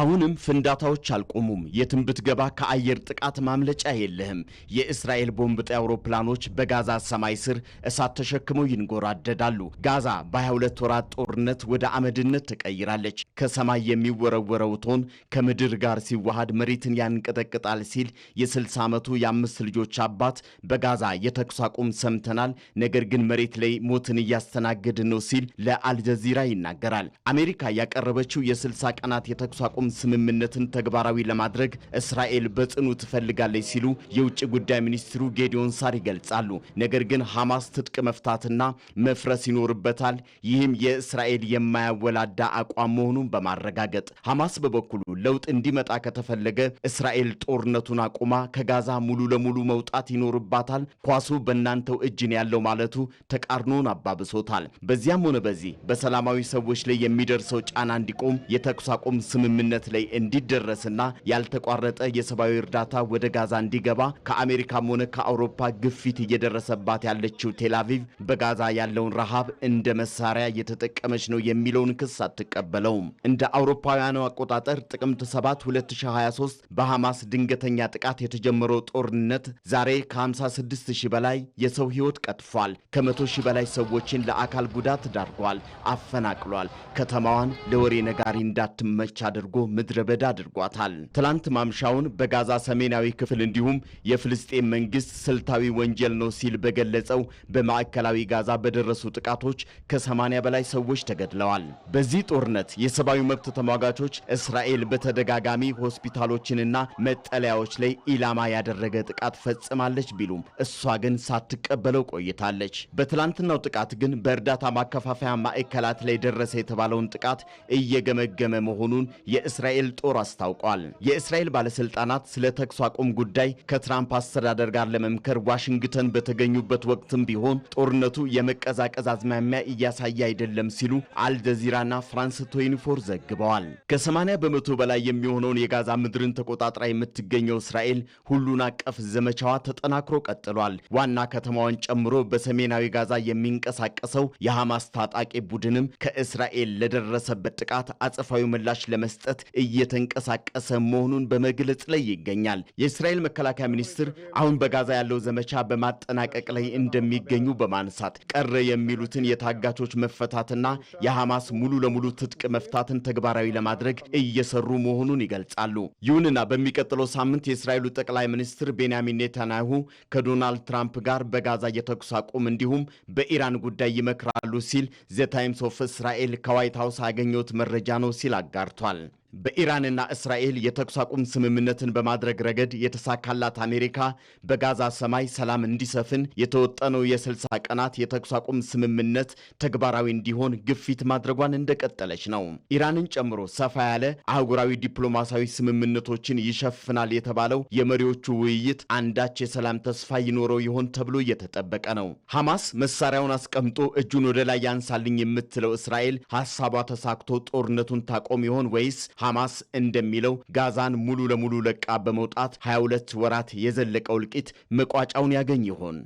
አሁንም ፍንዳታዎች አልቆሙም። የትም ብትገባ ከአየር ጥቃት ማምለጫ የለህም። የእስራኤል ቦምብ ጣይ አውሮፕላኖች በጋዛ ሰማይ ስር እሳት ተሸክመው ይንጎራደዳሉ። ጋዛ በ22 ወራት ጦርነት ወደ አመድነት ተቀይራለች። ከሰማይ የሚወረወረው ቶን ከምድር ጋር ሲዋሃድ መሬትን ያንቀጠቅጣል ሲል የ60 ዓመቱ የአምስት ልጆች አባት በጋዛ የተኩስ አቁም ሰምተናል፣ ነገር ግን መሬት ላይ ሞትን እያስተናገድ ነው ሲል ለአልጀዚራ ይናገራል። አሜሪካ ያቀረበችው የ60 ቀናት የተኩስ አቁም የማቆም ስምምነትን ተግባራዊ ለማድረግ እስራኤል በጽኑ ትፈልጋለች ሲሉ የውጭ ጉዳይ ሚኒስትሩ ጌዲዮን ሳር ይገልጻሉ። ነገር ግን ሐማስ ትጥቅ መፍታትና መፍረስ ይኖርበታል፣ ይህም የእስራኤል የማያወላዳ አቋም መሆኑን በማረጋገጥ ሐማስ በበኩሉ ለውጥ እንዲመጣ ከተፈለገ እስራኤል ጦርነቱን አቁማ ከጋዛ ሙሉ ለሙሉ መውጣት ይኖርባታል፣ ኳሱ በእናንተው እጅ ነው ያለው ማለቱ ተቃርኖን አባብሶታል። በዚያም ሆነ በዚህ በሰላማዊ ሰዎች ላይ የሚደርሰው ጫና እንዲቆም የተኩስ አቁም ስምምነት ስምምነት ላይ እንዲደረስና ያልተቋረጠ የሰብአዊ እርዳታ ወደ ጋዛ እንዲገባ ከአሜሪካም ሆነ ከአውሮፓ ግፊት እየደረሰባት ያለችው ቴላቪቭ በጋዛ ያለውን ረሃብ እንደ መሳሪያ እየተጠቀመች ነው የሚለውን ክስ አትቀበለውም። እንደ አውሮፓውያኑ አቆጣጠር ጥቅምት 7 2023 በሐማስ ድንገተኛ ጥቃት የተጀመረው ጦርነት ዛሬ ከ56 ሺህ በላይ የሰው ሕይወት ቀጥፏል። ከመቶ ሺህ በላይ ሰዎችን ለአካል ጉዳት ዳርጓል፣ አፈናቅሏል። ከተማዋን ለወሬ ነጋሪ እንዳትመች አድርጎ ምድረ በዳ አድርጓታል። ትላንት ማምሻውን በጋዛ ሰሜናዊ ክፍል እንዲሁም የፍልስጤም መንግስት ስልታዊ ወንጀል ነው ሲል በገለጸው በማዕከላዊ ጋዛ በደረሱ ጥቃቶች ከ80 በላይ ሰዎች ተገድለዋል። በዚህ ጦርነት የሰብአዊ መብት ተሟጋቾች እስራኤል በተደጋጋሚ ሆስፒታሎችንና መጠለያዎች ላይ ኢላማ ያደረገ ጥቃት ፈጽማለች ቢሉም እሷ ግን ሳትቀበለው ቆይታለች። በትላንትናው ጥቃት ግን በእርዳታ ማከፋፈያ ማዕከላት ላይ ደረሰ የተባለውን ጥቃት እየገመገመ መሆኑን የእስራኤል ጦር አስታውቋል። የእስራኤል ባለስልጣናት ስለ ተኩስ አቁም ጉዳይ ከትራምፕ አስተዳደር ጋር ለመምከር ዋሽንግተን በተገኙበት ወቅትም ቢሆን ጦርነቱ የመቀዛቀዝ አዝማሚያ እያሳየ አይደለም ሲሉ አልጀዚራና ፍራንስ ቶይንፎር ዘግበዋል። ከ80 በመቶ በላይ የሚሆነውን የጋዛ ምድርን ተቆጣጥራ የምትገኘው እስራኤል ሁሉን አቀፍ ዘመቻዋ ተጠናክሮ ቀጥሏል። ዋና ከተማዋን ጨምሮ በሰሜናዊ ጋዛ የሚንቀሳቀሰው የሐማስ ታጣቂ ቡድንም ከእስራኤል ለደረሰበት ጥቃት አጸፋዊ ምላሽ ለመስጠት ለማስፈታት እየተንቀሳቀሰ መሆኑን በመግለጽ ላይ ይገኛል። የእስራኤል መከላከያ ሚኒስትር አሁን በጋዛ ያለው ዘመቻ በማጠናቀቅ ላይ እንደሚገኙ በማንሳት ቀረ የሚሉትን የታጋቾች መፈታትና የሐማስ ሙሉ ለሙሉ ትጥቅ መፍታትን ተግባራዊ ለማድረግ እየሰሩ መሆኑን ይገልጻሉ። ይሁንና በሚቀጥለው ሳምንት የእስራኤሉ ጠቅላይ ሚኒስትር ቤንያሚን ኔታንያሁ ከዶናልድ ትራምፕ ጋር በጋዛ የተኩስ አቁም እንዲሁም በኢራን ጉዳይ ይመክራሉ ሲል ዘ ታይምስ ኦፍ እስራኤል ከዋይት ሀውስ ያገኘሁት መረጃ ነው ሲል አጋርቷል። በኢራንና እስራኤል የተኩስ አቁም ስምምነትን በማድረግ ረገድ የተሳካላት አሜሪካ በጋዛ ሰማይ ሰላም እንዲሰፍን የተወጠነው የ60 ቀናት የተኩስ አቁም ስምምነት ተግባራዊ እንዲሆን ግፊት ማድረጓን እንደቀጠለች ነው። ኢራንን ጨምሮ ሰፋ ያለ አህጉራዊ ዲፕሎማሲያዊ ስምምነቶችን ይሸፍናል የተባለው የመሪዎቹ ውይይት አንዳች የሰላም ተስፋ ይኖረው ይሆን ተብሎ እየተጠበቀ ነው። ሐማስ መሳሪያውን አስቀምጦ እጁን ወደ ላይ ያንሳልኝ የምትለው እስራኤል ሐሳቧ ተሳክቶ ጦርነቱን ታቆም ይሆን ወይስ ሐማስ እንደሚለው ጋዛን ሙሉ ለሙሉ ለቃ በመውጣት 22 ወራት የዘለቀው እልቂት መቋጫውን ያገኝ ይሆን?